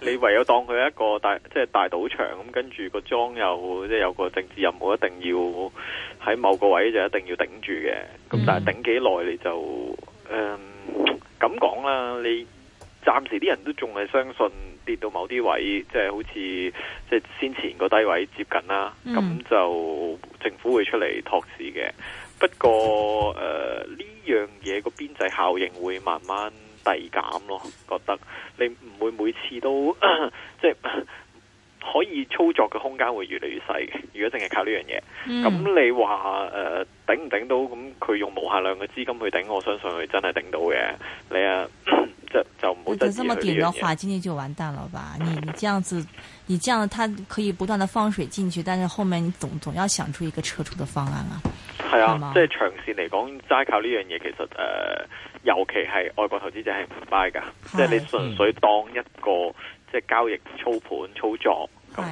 你唯有當佢一個大即係、就是、大賭場咁，跟住個莊又即係有個政治任務，一定要喺某個位就一定要頂住嘅。咁、嗯、但係頂幾耐你就誒咁講啦。你暫時啲人都仲係相信跌到某啲位，即、就、係、是、好似即係先前個低位接近啦。咁、嗯、就政府會出嚟托市嘅。不過誒呢、呃、樣嘢個邊際效應會慢慢遞減咯，覺得你唔會每次都、呃、即係可以操作嘅空間會越嚟越細嘅。如果淨係靠呢樣嘢，咁、嗯、你話誒頂唔頂到？咁佢用無限量嘅資金去頂，我相信佢真係頂到嘅。你啊，就就冇。如果這麼頂嘅話，今天就完蛋了吧？你你這樣子，你這樣，它可以不斷地放水進去，但是後面你總總要想出一個撤出的方案啊。係啊，是即係長線嚟講，齋靠呢樣嘢，其實誒，尤其係外國投資者係唔 buy 噶即係你純粹當一個、嗯、即係交易操盤操作，咁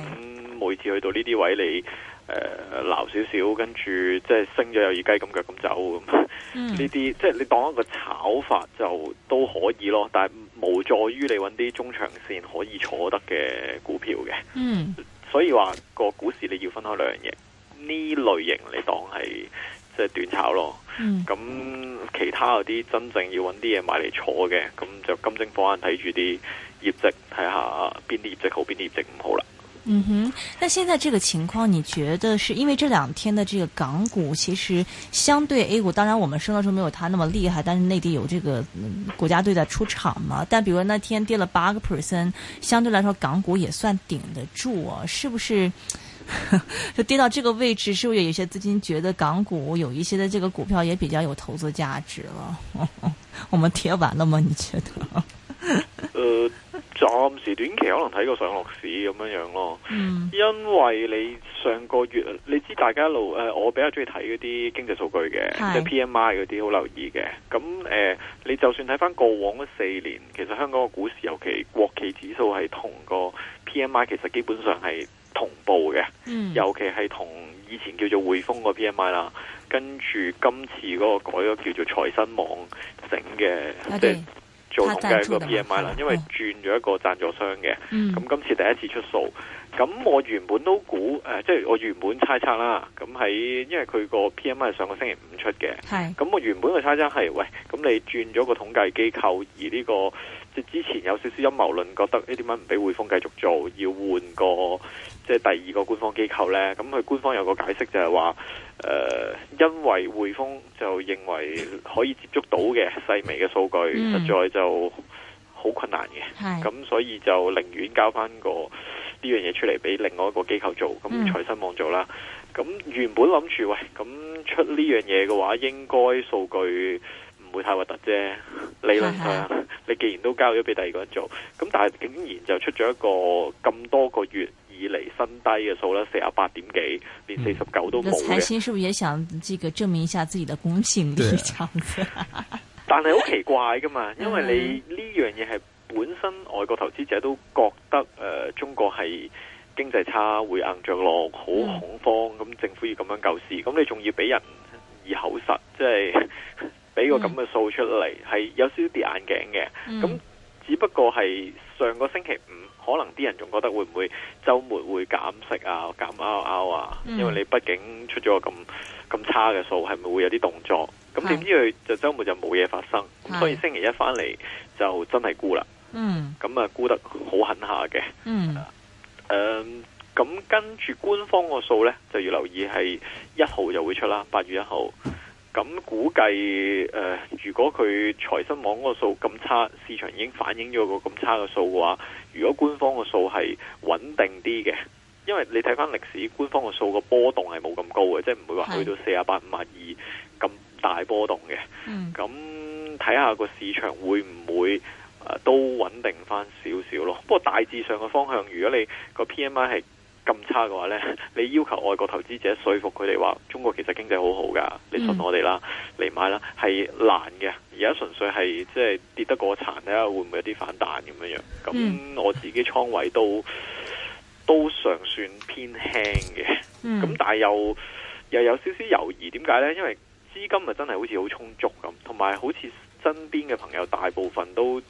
每次去到呢啲位置你誒撈、呃、少少，跟住即係升咗又耳雞咁腳咁走，咁呢啲即係你當一個炒法就都可以咯，但係無助於你搵啲中長線可以坐得嘅股票嘅。嗯，所以話、那個股市你要分開兩樣嘢。呢類型嚟講係即係短炒咯，咁、嗯、其他嗰啲真正要揾啲嘢買嚟坐嘅，咁就金睛火眼睇住啲業績，睇下邊啲業績好，邊啲業績唔好啦。嗯哼，那現在這個情況，你覺得是因為這兩天嘅這個港股，其實相對 A 股，當然我們升得仲沒有它那麼厲害，但是內地有這個、嗯、國家隊在出場嘛？但比如那天跌了八個 percent，相對來說港股也算頂得住、啊，是不是？ 就跌到這個位置，是不是有些資金覺得港股有一些的這個股票也比較有投資價值了？ 我們跌完了嗎？你覺得？誒，暫時短期可能睇過上落市咁樣樣咯、嗯。因為你上個月你知大家一路誒，我比較中意睇嗰啲經濟數據嘅，即 P M I 嗰啲好留意嘅。咁誒、呃，你就算睇翻過往四年，其實香港嘅股市，尤其國企指數係同個 P M I，其實基本上係、嗯。同步嘅，尤其係同以前叫做匯豐個 P M I 啦，跟住今次嗰個改咗叫做財新網整嘅，okay, 即係做統計一個 P M I 啦，因為轉咗一個贊助商嘅，咁、嗯、今次第一次出數。咁我原本都估，誒、呃，即係我原本猜測啦。咁喺，因為佢個 PMI 係上個星期五出嘅，咁我原本嘅猜測係，喂，咁你轉咗個統計機構，而呢、這個即係之前有少少陰謀論，覺得呢啲點解唔俾匯豐繼續做，要換個即係第二個官方機構咧。咁佢官方有個解釋就係話，誒、呃、因為匯豐就認為可以接觸到嘅細微嘅數據、嗯，實在就好困難嘅。咁所以就寧願交翻個。呢樣嘢出嚟俾另外一個機構做，咁財新網做啦。咁原本諗住喂，咁出呢樣嘢嘅話，應該數據唔會太核突啫。理論上，你既然都交咗俾第二個人做，咁但係竟然就出咗一個咁多個月以嚟新低嘅數咧，四十八點幾，連四十九都冇嘅。財新係咪也想這個證明一下自己嘅公信力？但係好奇怪噶嘛，因為你呢樣嘢係。本身外國投資者都覺得誒、呃、中國係經濟差，會硬着落，好恐慌。咁、嗯、政府要咁樣救市，咁你仲要俾人以口實，即係俾個咁嘅數出嚟，係、嗯、有少少跌眼鏡嘅。咁、嗯、只不過係上個星期五，可能啲人仲覺得會唔會週末會減息啊、減 LRO 啊、嗯，因為你畢竟出咗咁咁差嘅數，係咪會有啲動作？咁點知佢就週末就冇嘢發生，咁所以星期一翻嚟就真係沽啦。嗯，咁啊，估得好狠下嘅、嗯。嗯，誒、嗯，咁跟住官方個數咧，就要留意係一號就會出啦。八月一號咁估計誒、呃，如果佢財新網嗰個數咁差，市場已經反映咗個咁差嘅數嘅話，如果官方個數係穩定啲嘅，因為你睇翻歷史，官方個數個波動係冇咁高嘅，即係唔會話去到四啊八五啊二咁大波動嘅。嗯，咁睇下個市場會唔會？都穩定翻少少咯，不過大致上嘅方向，如果你個 PMI 係咁差嘅話呢，你要求外國投資者說服佢哋話中國其實經濟好好噶，你信我哋啦嚟買啦，係難嘅。而家純粹係即係跌得過殘呢，會唔會有啲反彈咁樣？咁我自己倉位都都尚算偏輕嘅，咁、mm. 但係又又有少少猶疑。點解呢？因為資金咪真係好似好充足咁，同埋好似身邊嘅朋友大部分都。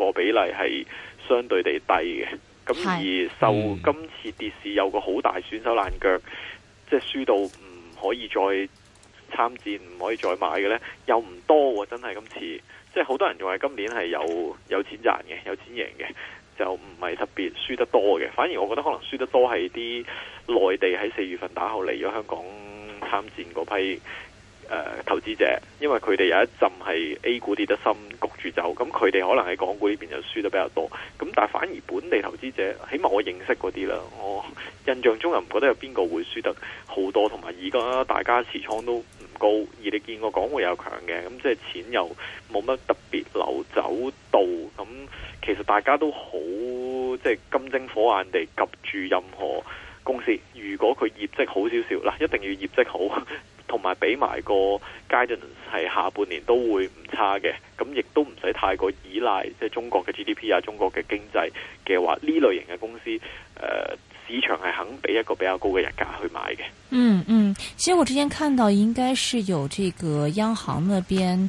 個比例係相對地低嘅，咁而受今次跌市有個好大損手爛腳，即係輸到唔可以再參戰，唔可以再買嘅呢，又唔多喎，真係今次，即係好多人仲係今年係有有錢賺嘅，有錢贏嘅，就唔係特別輸得多嘅，反而我覺得可能輸得多係啲內地喺四月份打後嚟咗香港參戰嗰批。呃、投資者，因為佢哋有一陣係 A 股跌得深，焗住走，咁佢哋可能喺港股呢邊就輸得比較多。咁但係反而本地投資者，起碼我認識嗰啲啦，我印象中又唔覺得有邊個會輸得好多，同埋而家大家持倉都唔高，而你見過港股又強嘅，咁即係錢又冇乜特別流走度。咁其實大家都好即係金睛火眼地及住任何公司，如果佢業績好少少，嗱，一定要業績好。同埋俾埋個 guidance 係下半年都會唔差嘅，咁亦都唔使太過依賴即係中國嘅 GDP 啊，中國嘅經濟嘅話，呢類型嘅公司誒、呃、市場係肯俾一個比較高嘅入價去買嘅。嗯嗯，其實我之前看到應該係有這個央行嗰邊。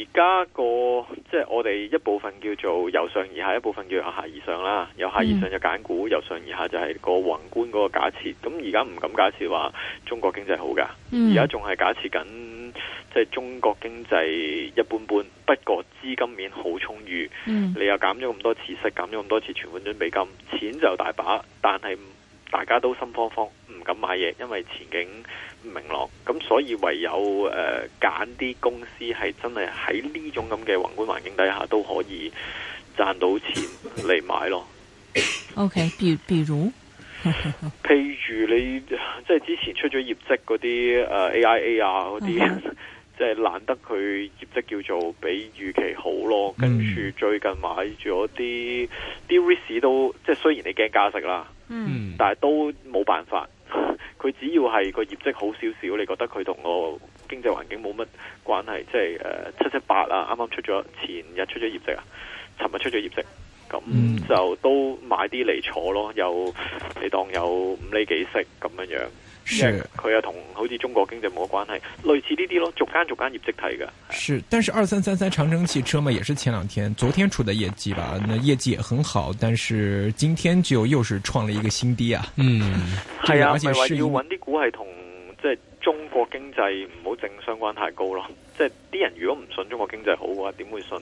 而家個即係、就是、我哋一部分叫做由上而下，一部分叫由下而上啦。由下而上就揀股，mm. 由上而下就係個宏觀嗰個假設。咁而家唔敢假設話中國經濟好㗎，而家仲係假設緊即係中國經濟一般般，不過資金面好充裕。Mm. 你又減咗咁多次息，減咗咁多次存款準備金，錢就大把，但係大家都心慌慌，唔敢買嘢，因為前景明朗，咁所以唯有誒揀啲公司係真係喺呢種咁嘅宏觀環境底下都可以賺到錢嚟買咯。O、okay, K，比如，譬 如你即係、就是、之前出咗業績嗰啲誒 A I A 啊嗰啲，即、呃、係、okay. 難得佢業績叫做比預期好咯。跟、mm. 住最近買咗啲啲 ris 都即係、就是、雖然你驚加息啦，嗯、mm.，但係都冇辦法。佢只要係個業績好少少，你覺得佢同個經濟環境冇乜關係，即係、呃、七七八啊，啱啱出咗前日出咗業績啊，尋日出咗業績，咁就都買啲嚟坐咯，有你當有五厘幾息咁樣樣。是佢又同好似中國經濟冇關係，類似呢啲咯，逐間逐間業績睇㗎。是，但是二三三三長城汽車嘛，也是前兩天，昨天出的業績吧，那業績也很好，但是今天就又是創了一個新低啊。嗯，係啊，而且話要揾啲股係同即係中國經濟唔好正相關太高咯，即係啲人如果唔信中國經濟好嘅話，點會信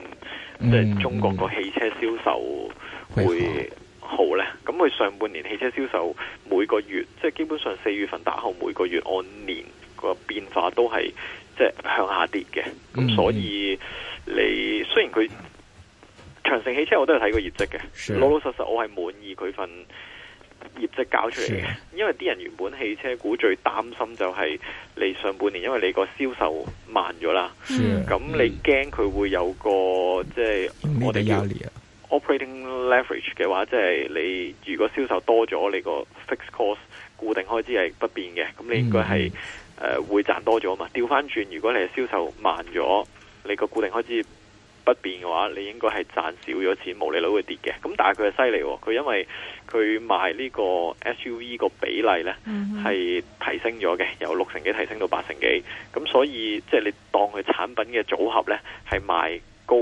即係中國個汽車銷售會？嗯嗯會好呢，咁佢上半年汽車銷售每個月，即係基本上四月份打後，每個月按年個變化都係即係向下跌嘅。咁所以你雖然佢長城汽車，我都有睇過業績嘅，老老實實我係滿意佢份業績交出嚟嘅。因為啲人原本汽車股最擔心就係你上半年，因為你個銷售慢咗啦，咁你驚佢會有個即係我哋壓力啊 Operating leverage 嘅話，即係你如果銷售多咗，你個 fixed cost 固定開支係不變嘅，咁你應該係誒會賺多咗嘛。調翻轉，如果你係銷售慢咗，你個固定開支不變嘅話，你應該係賺少咗錢，毛利率會跌嘅。咁但係佢係犀利，佢因為佢賣呢個 SUV 個比例呢係、mm -hmm. 提升咗嘅，由六成幾提升到八成幾，咁所以即係、就是、你當佢產品嘅組合呢，係賣高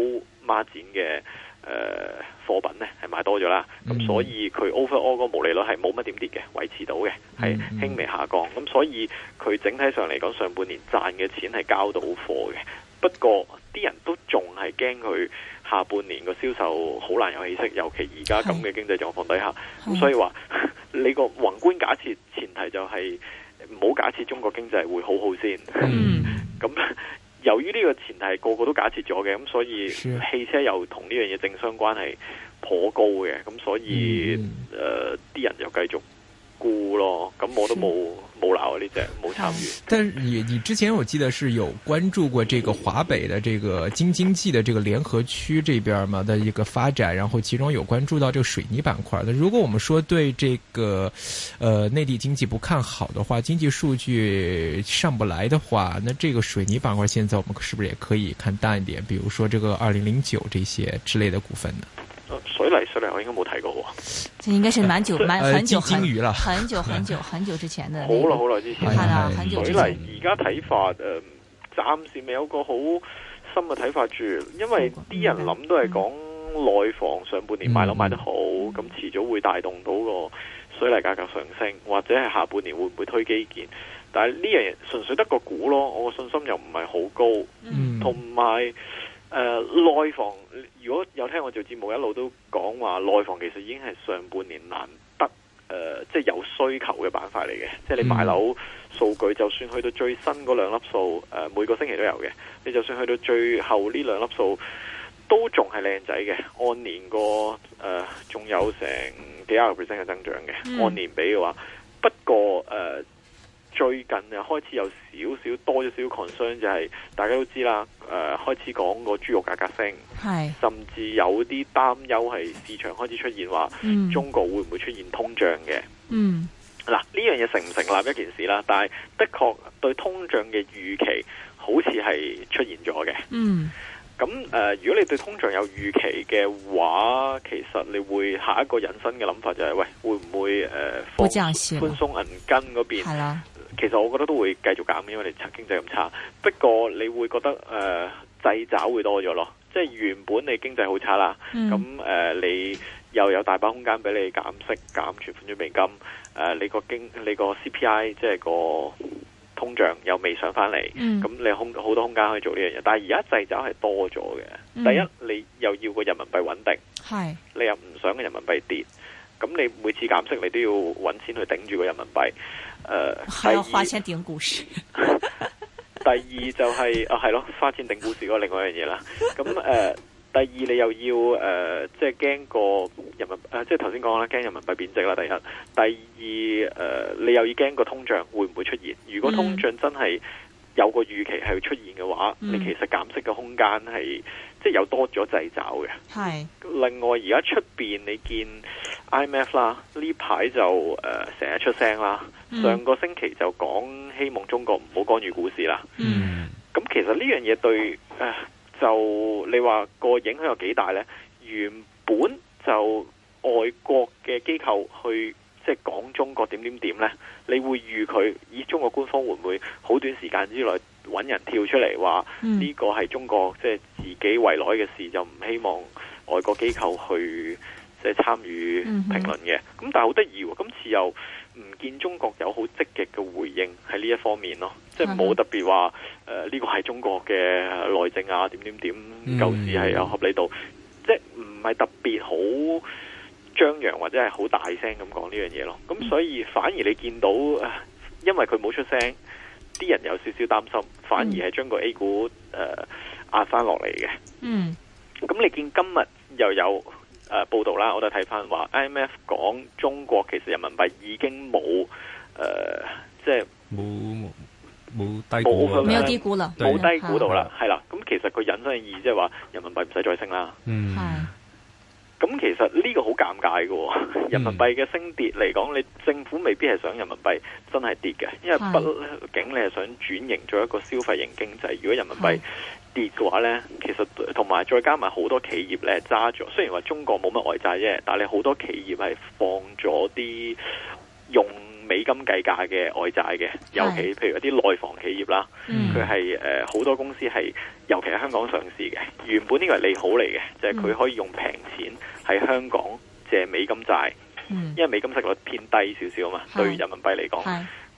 孖展嘅。誒、呃、貨品呢係買多咗啦，咁、嗯、所以佢 overall 個毛利率係冇乜點跌嘅，維持到嘅係輕微下降。咁、嗯嗯、所以佢整體上嚟講，上半年賺嘅錢係交到貨嘅。不過啲人都仲係驚佢下半年個銷售好難有起色，尤其而家咁嘅經濟狀況底下。咁所以話 你個宏觀假設前提就係唔好假設中國經濟會好好先。咁、嗯。 由於呢個前提個個都假設咗嘅，咁所以汽車又同呢樣嘢正相關係頗高嘅，咁所以誒啲、嗯呃、人又繼續。估咯，咁我都冇冇鬧啊呢隻冇參與。但你你之前我記得是有關注過這個華北的這個京津冀的這個聯合區這邊嘛的一個發展，然後其中有關注到這個水泥板塊。那如果我們說對這個呃內地經濟不看好的話，經濟數據上不來的話，那這個水泥板塊現在我們是不是也可以看淡一點？比如說這個二零零九這些之類的股份呢？我應該冇睇過喎，這應該是蠻久、蠻很久、很久、嗯、很久、嗯，很久嗯、很久之前的、那個。好耐、好耐之前，係水泥而家睇法，嗯，暫時未有一個好深嘅睇法住，因為啲人諗都係講內房、嗯、上半年賣樓賣得好，咁、嗯、遲早會帶動到個水泥價格上升，或者係下半年會唔會推基建？但係呢樣純粹得個估咯，我個信心又唔係好高，同、嗯、埋。誒、呃，內房如果有聽我做節目一，一路都講話內房其實已經係上半年難得誒、呃，即係有需求嘅板塊嚟嘅。即係你買樓、嗯、數據，就算去到最新嗰兩粒數，誒、呃、每個星期都有嘅。你就算去到最後呢兩粒數，都仲係靚仔嘅。按年個誒，仲、呃、有成幾廿個 percent 嘅增長嘅、嗯。按年比嘅話，不過誒。呃最近啊，開始有少少多咗少少 concern，就係大家都知啦，誒開始講個豬肉價格升，甚至有啲擔憂係市場開始出現話、嗯、中國會唔會出現通脹嘅？嗯，嗱呢樣嘢成唔成立一件事啦？但係的確對通脹嘅預期好似係出現咗嘅。嗯，咁誒，如果你對通脹有預期嘅話，其實你會下一個引申嘅諗法就係喂，會唔會誒、呃、放寬鬆銀根嗰邊？係啦。其實我覺得都會繼續減，因為你經濟咁差。不過你會覺得誒、呃，掣肘會多咗咯，即係原本你經濟好差啦，咁、嗯、誒、呃、你又有大把空間俾你減息、減存款準備金。誒、呃，你個經你個 CPI 即係個通脹又未上翻嚟，咁、嗯、你空好多空間可以做呢樣嘢。但係而家掣肘係多咗嘅，第一你又要個人民幣穩定，係、嗯、你又唔想個人民幣跌，咁你每次減息你都要揾錢去頂住個人民幣。誒、呃，第二就係啊，係咯，花錢定故事嗰、 就是哦、另外一樣嘢啦。咁誒、呃，第二你又要誒，即係驚個人民誒，即係頭先講啦，驚、就是、人民幣貶值啦。第一，第二誒、呃，你又要驚個通脹會唔會出現？嗯、如果通脹真係有個預期係會出現嘅話、嗯，你其實減息嘅空間係。即係有多咗掣肘嘅。係另外而家出邊你見 IMF 啦，呢排就誒成日出聲啦、嗯。上個星期就講希望中國唔好干預股市啦。咁、嗯、其實呢樣嘢對，誒、呃，就你話個影響有幾大咧？原本就外國嘅機構去即係講中國點點點咧，你會預佢以中國官方會唔會好短時間之內。揾人跳出嚟話呢個係中國即係自己圍內嘅事，嗯、就唔希望外國機構去即係參與評論嘅。咁、嗯、但係好得意，今次又唔見中國有好積極嘅回應喺呢一方面咯、嗯，即係冇特別話誒呢個係中國嘅內政啊點點點，舊時係有合理度，嗯、即係唔係特別好張揚或者係好大聲咁講呢樣嘢咯。咁、嗯、所以反而你見到誒，因為佢冇出聲。啲人有少少擔心，反而係將個 A 股誒、呃、壓翻落嚟嘅。嗯，咁你見今日又有誒、呃、報道啦，我都睇翻話 IMF 講中國其實人民幣已經冇誒、呃，即係冇冇低估。冇低估啦，冇低估到啦，係啦。咁、嗯、其實佢引申嘅意義即係話人民幣唔使再升啦。嗯。咁其實呢個好尷尬㗎喎。人民幣嘅升跌嚟講，你政府未必係想人民幣真係跌嘅，因為畢竟你係想轉型做一個消費型經濟，如果人民幣跌嘅話呢，其實同埋再加埋好多企業呢，揸咗。雖然話中國冇乜外債啫，但你好多企業係放咗啲用，美金計價嘅外債嘅，尤其譬如一啲內房企業啦，佢係誒好多公司係，尤其喺香港上市嘅，原本呢個係利好嚟嘅，就係、係、佢可以用平錢喺香港借美金債，嗯、因為美金息率偏低少少啊嘛，對於人民幣嚟講。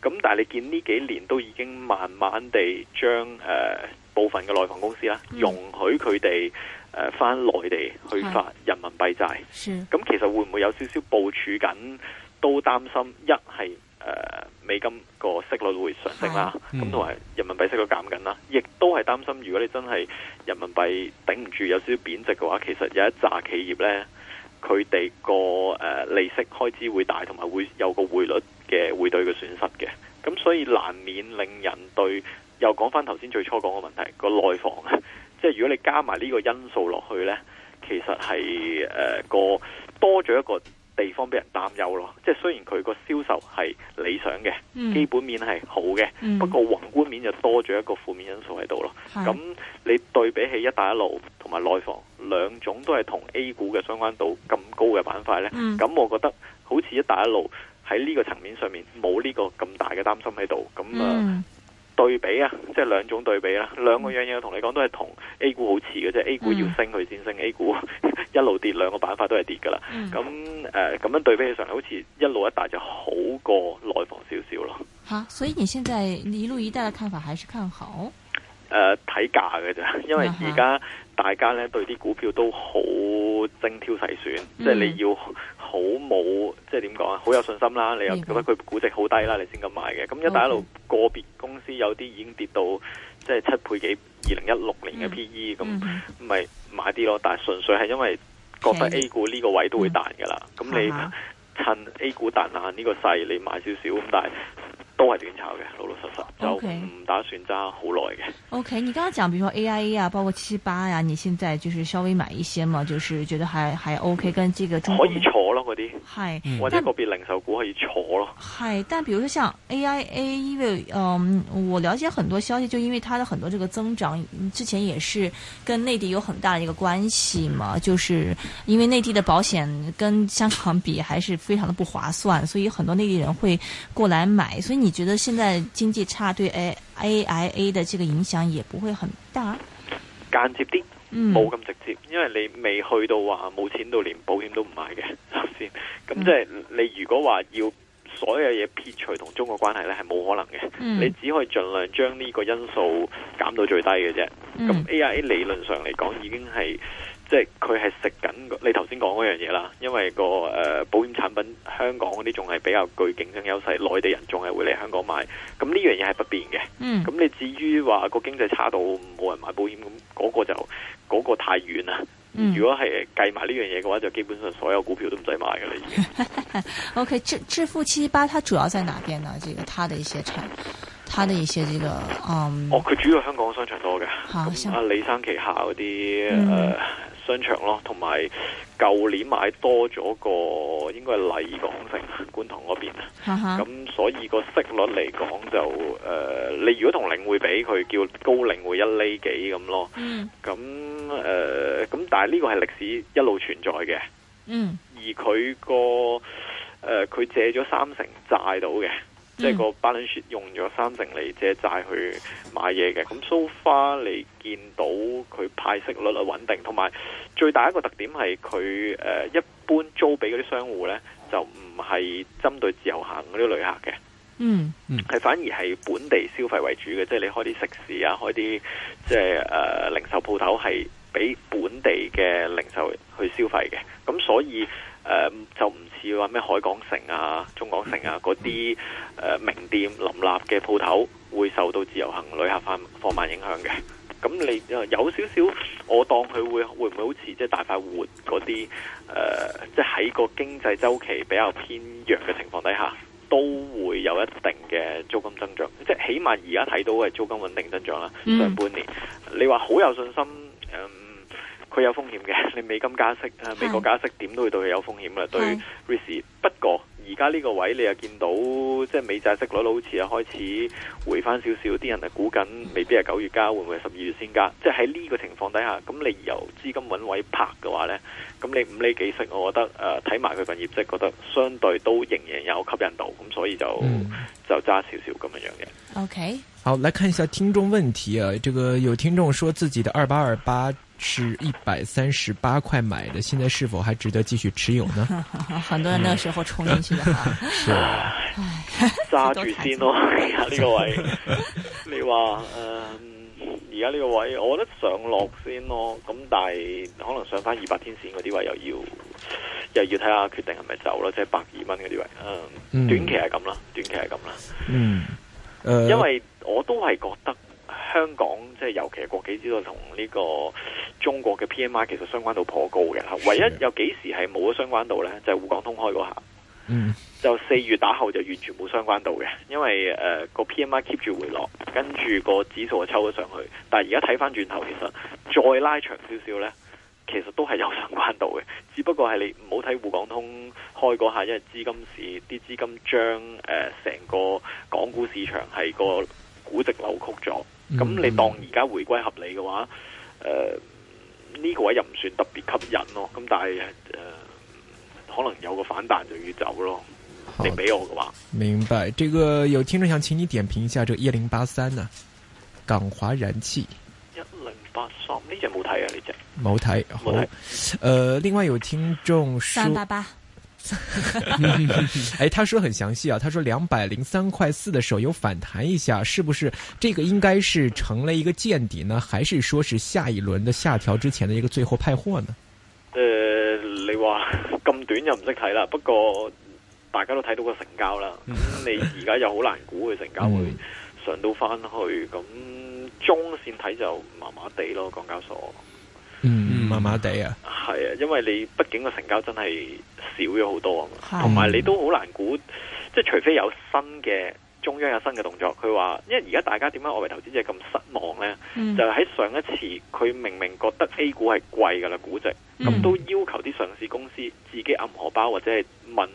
咁但係你見呢幾年都已經慢慢地將誒、呃、部分嘅內房公司啦、嗯，容許佢哋誒翻內地去發人民幣債。咁其實會唔會有少少部署緊？都擔心一係誒、呃、美金個息率會上升啦，咁同埋人民幣息率減緊啦，亦都係擔心如果你真係人民幣頂唔住有少少貶值嘅話，其實有一紮企業呢，佢哋個誒利息開支會大，同埋會有個匯率嘅匯兌嘅損失嘅，咁所以難免令人對又講翻頭先最初講嘅問題個內房， 即係如果你加埋呢個因素落去呢，其實係誒個多咗一個。地方俾人擔憂咯，即係雖然佢個銷售係理想嘅、嗯，基本面係好嘅、嗯，不過宏觀面就多咗一個負面因素喺度咯。咁你對比起一帶一路同埋內房兩種都係同 A 股嘅相關度咁高嘅板塊呢，咁、嗯、我覺得好似一帶一路喺呢個層面上面冇呢個咁大嘅擔心喺度，咁啊。嗯呃對比啊，即係兩種對比啦、啊，兩個樣嘢我同你講都係同 A 股好似嘅。即、嗯、係 A 股要升佢先升，A 股一路跌，兩個板塊都係跌噶啦。咁、嗯、誒，咁樣、呃、樣對比起上嚟，好似一路一帶就好過內房少少咯。吓，所以你現在你一路一帶嘅看法還是看好？誒、呃，睇價嘅啫，因為而家大家咧、uh -huh. 對啲股票都好精挑細選，即、uh、係 -huh. 你要好冇，即係點講啊？好有信心啦，你又覺得佢估值好低啦，你先咁買嘅。咁一帶一路、okay. 個別公司有啲已經跌到即係、就是、七倍幾，二零一六年嘅 P E，咁咪買啲咯。但係純粹係因為覺得 A 股呢個位都會彈噶啦，咁、uh -huh. 你趁 A 股彈啊呢個勢，你買少少咁，但係。都係短炒嘅，老老實實、okay. 就唔打算揸好耐嘅。O、okay, K，你剛剛講，比如說 A I A 啊，包括七七八呀，你現在就是稍微買一些嘛，就是覺得還還 O、OK、K，跟這個中可以坐咯嗰啲，係或者個別零售股可以坐咯。係，但比如說像 A I A，因為嗯、呃，我了解很多消息，就因為它的很多這個增長之前也是跟內地有很大的一個關係嘛，就是因為內地的保險跟香港比，還是非常的不划算，所以很多內地人會過來買，所以你。你覺得現在經濟差對 AIA 的這個影響也不會很大？間接啲，嗯、冇咁直接，因為你未去到話冇錢到連保險都唔買嘅。首先，咁即係你如果話要所有嘢撇除同中國關係呢，係冇可能嘅、嗯，你只可以盡量將呢個因素減到最低嘅啫。咁 AIA 理論上嚟講已經係。即係佢係食緊你頭先講嗰樣嘢啦，因為個誒、呃、保險產品香港嗰啲仲係比較具競爭優勢，內地人仲係會嚟香港買，咁呢樣嘢係不變嘅。嗯，咁你至於話個經濟差到冇人買保險，咁、那、嗰個就嗰、那個太遠啦、嗯。如果係計埋呢樣嘢嘅話，就基本上所有股票都唔使買噶啦。已 經、okay。O K，智智富七七八，它主要在哪邊呢？這個它的一些產品。他的一些這個，嗯，哦，佢主要在香港商場多嘅，啊李生旗下嗰啲誒商場咯，同埋舊年買多咗個，應該係麗港城、觀塘嗰邊，咁、嗯、所以嗰個息率嚟講就誒、呃，你如果同領匯比，佢叫高領匯一厘幾咁咯，咁、嗯、誒，咁、呃、但係呢個係歷史一路存在嘅，嗯，而佢個誒，佢、呃、借咗三成債到嘅。即係個 balance sheet 用咗三成嚟借債去買嘢嘅，咁 so far 嚟見到佢派息率係穩定，同埋最大一個特點係佢誒一般租俾嗰啲商戶咧，就唔係針對自由行嗰啲旅客嘅，嗯，係、嗯、反而係本地消費為主嘅，即係你開啲食肆啊，開啲即係誒零售鋪頭係俾本地嘅零售去消費嘅，咁所以。誒、呃、就唔似話咩海港城啊、中港城啊嗰啲、呃、名店林立嘅鋪頭會受到自由行旅客放慢影響嘅。咁你有少少，我當佢會會唔會好似即係大快活嗰啲、呃、即係喺個經濟周期比較偏弱嘅情況底下，都會有一定嘅租金增長。即係起碼而家睇到嘅租金穩定增長啦、嗯。上半年你話好有信心、呃有風險嘅，你美金加息，美國加息點都會對佢有風險啦、嗯。對 risk 不過而家呢個位你又見到，即係美債息率,率好似又開始回翻少少，啲人啊估緊，未必係九月加，會唔會係十二月先加？即係喺呢個情況底下，咁你由資金揾位拍嘅話呢，咁你五厘幾息，我覺得誒，睇埋佢份業績，覺得相對都仍然有吸引力，咁所以就、嗯、就揸少少咁樣樣嘅。OK，好，來看一下聽眾問題啊，這個有聽眾說自己的二八二八。是一百三十八塊買的，現在是否還值得繼續持有呢？ 很多人那個時候衝進去了，揸、嗯 是啊、 住先咯。而家呢個位， 你話誒，而家呢個位，我覺得上落先咯。咁但係可能上翻二百天綫嗰啲位又要又要睇下決定係咪走咯，即係百二蚊嗰啲位、呃。嗯，短期係咁啦，短期係咁啦。嗯、呃，因為我都係覺得。香港即係尤其係國企指數，同呢個中國嘅 PMI 其實相關度頗高嘅，唯一有幾時係冇咗相關度呢，就滬、是、港通開嗰下、嗯，就四月打後就完全冇相關度嘅，因為誒個、呃、PMI keep 住回落，跟住個指數就抽咗上去，但係而家睇翻轉頭，其實再拉長少少呢，其實都係有相關度嘅，只不過係你唔好睇滬港通開嗰下，因為資金市啲資金將誒成個港股市場係個估值扭曲咗。咁、嗯、你當而家回歸合理嘅話，誒、呃、呢、呢個位又唔算特別吸引咯。咁但係誒、呃、可能有個反彈就要走咯。你俾我嘅話的，明白。這個有聽眾想請你點評一下，這一零八三啊，港華燃氣一零八三呢隻冇睇啊，呢隻冇睇好睇、呃。另外有聽眾說。 嗯、哎，他說很詳細啊，他說兩百零三塊四的時候有反彈一下，是不是？這個應該是成了一個見底呢，還是說是下一輪的下調之前的一個最後派貨呢？誒、呃，你話咁短又唔識睇啦，不過大家都睇到個成交啦。咁你而家又好難估佢成交會上到翻去，咁 中線睇就麻麻地咯，港交所。嗯。麻麻地啊，係啊，因為你畢竟個成交真係少咗好多啊，同埋你都好難估，即係除非有新嘅中央有新嘅動作，佢話，因為而家大家點解外圍投資者咁失望呢？嗯、就喺上一次，佢明明覺得 A 股係貴噶啦，估值，咁都要求啲上市公司自己暗荷包或者係問。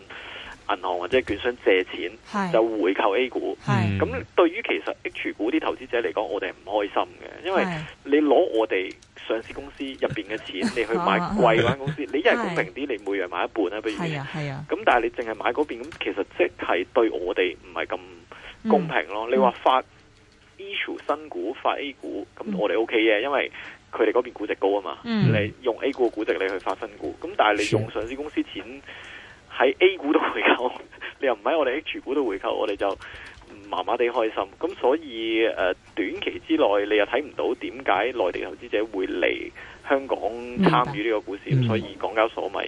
銀行或者券商借錢就回購 A 股，咁對於其實 H 股啲投資者嚟講，我哋係唔開心嘅，因為你攞我哋上市公司入邊嘅錢，你去買貴嗰間公司，你一係公平啲，你每人買一半啦，不如你，係啊，咁、啊、但係你淨係買嗰邊，咁其實即係對我哋唔係咁公平咯、嗯。你話發 issue 新股發 A 股，咁我哋 O K 嘅，因為佢哋嗰邊估值高啊嘛、嗯，你用 A 股嘅估值你去發新股，咁但係你用上市公司錢。喺 A 股都回購，你又唔喺我哋 H 股都回購，我哋就麻麻地開心。咁所以誒、呃，短期之內你又睇唔到點解內地投資者會嚟香港參與呢個股市，所以港交所咪、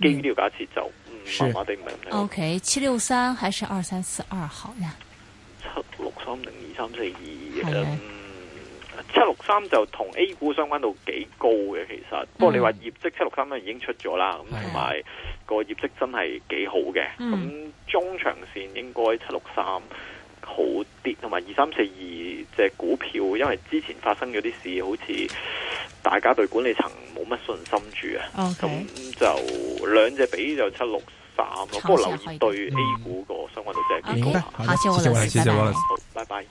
嗯、基於呢個假設就麻麻地唔係。O K，七六三還是二三四二好呢？七六三零二三四二。嗯七六三就同 A 股相關度幾高嘅，其實、嗯、不過你話業績七六三已經出咗啦，咁同埋個業績真係幾好嘅。咁、嗯、中長線應該七六三好啲，同埋二三四二隻股票，因為之前發生咗啲事，好似大家對管理層冇乜信心住啊。咁、okay, 就兩隻比就七六三，不過留意對 A 股個相關度真係幾高 okay, 下。下次我哋再見。好，拜拜。